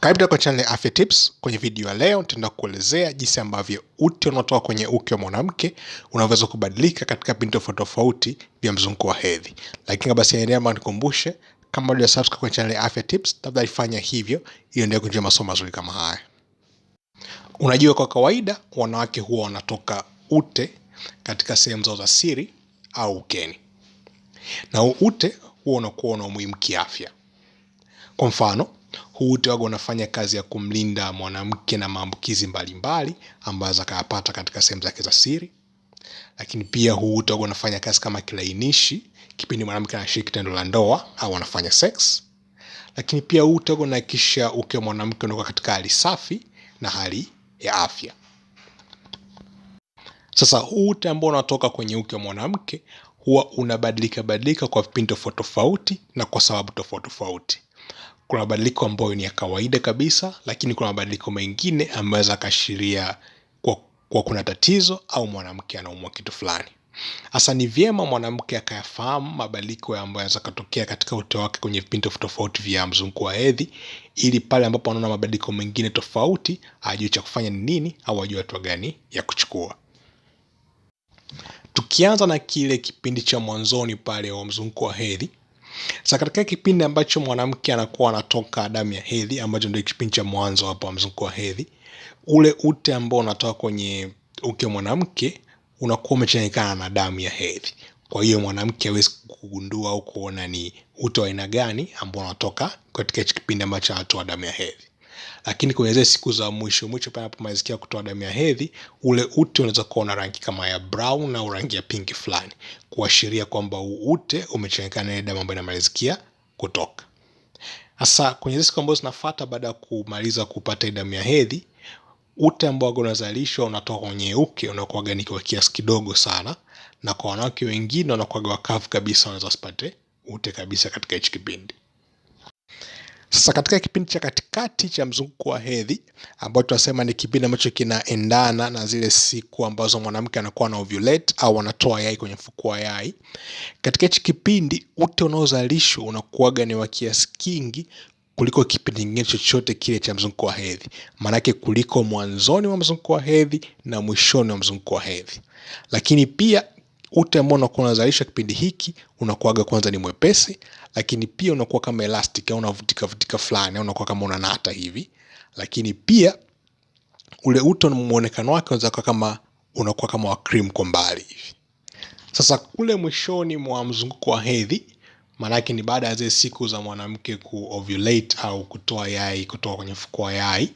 Karibu kwa channel ya Afya Tips. Kwenye video ya leo nitaenda kuelezea jinsi ambavyo ute unaotoka kwenye uke wa mwanamke unaweza kubadilika katika vipindi tofauti tofauti vya mzunguko wa hedhi. Lakini sijaendelea, endelea, nikumbushe kama bado hujasubscribe kwenye channel ya Afya Tips, tafadhali fanya hivyo ili endelee kujua masomo mazuri kama haya. Unajua, kwa kawaida wanawake huwa wanatoka ute katika sehemu zao za siri au ukeni, na ute huwa unakuwa na umuhimu kiafya. Kwa mfano huu ute waga unafanya kazi ya kumlinda mwanamke na maambukizi mbalimbali ambazo akayapata katika sehemu zake za siri lakini pia huu ute waga unafanya kazi kama kilainishi kipindi mwanamke anashiriki tendo la ndoa au anafanya sex lakini pia huu ute waga unahakikisha uke wa mwanamke unakuwa katika hali safi na hali ya afya sasa huu ute ambao unatoka kwenye uke wa mwanamke huwa unabadilika badilika kwa vipindi tofauti tofauti na kwa sababu tofauti tofauti kuna mabadiliko ambayo ni ya kawaida kabisa lakini kuna mabadiliko mengine ambayo akaashiria kwa, kwa kuna tatizo au mwanamke anaumwa kitu fulani hasa ni vyema mwanamke akayafahamu mabadiliko ambayo yanaweza akatokea katika ute wake kwenye vipindi tofauti vya mzunguko wa hedhi ili pale ambapo anaona mabadiliko mengine tofauti ajue cha kufanya ni nini au ajue hatua gani ya kuchukua tukianza na kile kipindi cha mwanzoni pale wa mzunguko wa hedhi sasa katika kipindi ambacho mwanamke anakuwa anatoka damu ya hedhi, ambacho ndio kipindi cha mwanzo hapo wa mzunguko wa hedhi, ule ute ambao unatoka kwenye uke mwanamke unakuwa umechanganyikana na damu ya hedhi. Kwa hiyo mwanamke awezi kugundua au kuona ni ute wa aina gani ambao unatoka katika hichi kipindi ambacho anatoa damu ya hedhi lakini kwenye zile siku za mwisho mwisho pale anapomalizikia kutoa damu ya hedhi, ule ute unaweza kuwa na rangi kama ya brown au rangi ya pinki fulani, kuashiria kwamba ute umechanganyikana na ile damu ambayo inamalizikia kutoka. Sasa kwenye zile siku ambazo zinafuata baada ya kumaliza kupata damu ya hedhi, ute ambao unazalishwa unatoka kwenye uke unakuwa ni kwa kiasi kidogo sana, na kwa wanawake wengine wanakuwa wakavu kabisa, wanaweza wasipate ute kabisa katika hichi kipindi. Sasa katika kipindi cha katikati cha mzunguko wa hedhi ambao tunasema ni kipindi ambacho kinaendana na zile siku ambazo mwanamke anakuwa na ovulate au anatoa yai kwenye mfuko wa yai. Katika hichi kipindi ute unaozalishwa unakuwaga ni wa kiasi kingi kuliko kipindi kingine chochote kile cha mzunguko wa hedhi, maanake kuliko mwanzoni mwa mzunguko wa hedhi na mwishoni wa mzunguko wa hedhi. Lakini pia ute ambao unakuwa unazalisha kipindi hiki unakuaga kwanza ni mwepesi, lakini pia unakuwa kama elastic au unavutika vutika fulani au unakuwa kama unanata hivi, lakini pia ule ute muonekano wake unaweza kuwa kama unakuwa kama wa cream kwa mbali hivi. Sasa kule mwishoni mwa mzunguko wa hedhi, maanake ni baada ya zile siku za mwanamke ku ovulate au kutoa yai kutoka kwenye mfuko wa yai,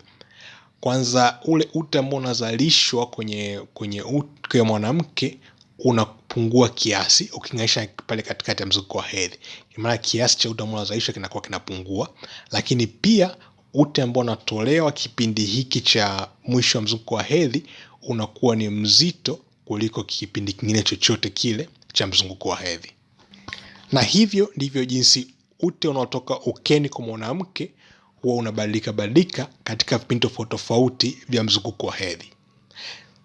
kwanza ule ute ambao unazalishwa kwenye kwenye, kwenye mwanamke unapungua kiasi ukinganisha pale katikati ya mzunguko wa hedhi maana kiasi cha ute ambao zaisha kinakuwa kinapungua lakini pia ute ambao unatolewa kipindi hiki cha mwisho wa mzunguko wa hedhi unakuwa ni mzito kuliko kipindi kingine chochote kile cha mzunguko wa hedhi na hivyo ndivyo jinsi ute unaotoka ukeni kwa mwanamke huwa unabadilika badilika katika vipindi tofauti tofauti vya mzunguko wa hedhi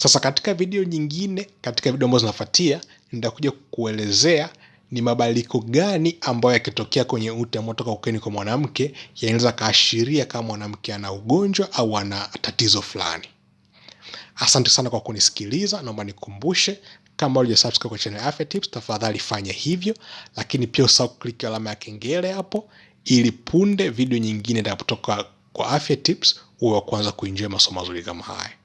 sasa katika video nyingine, katika video ambazo zinafuatia, nitakuja kuelezea ni mabadiliko gani ambayo yakitokea kwenye uti ambao toka ukeni kwa mwanamke yanaweza kaashiria kama mwanamke ana ugonjwa au ana tatizo fulani. Asante sana kwa kunisikiliza. Naomba nikumbushe kama bado hujasubscribe kwa channel Afya Tips, tafadhali fanya hivyo, lakini pia usahau kliki alama ya kengele hapo, ili punde video nyingine itakapotoka kwa Afya Tips uwe wa kwanza kuinjia masomo mazuri kama haya.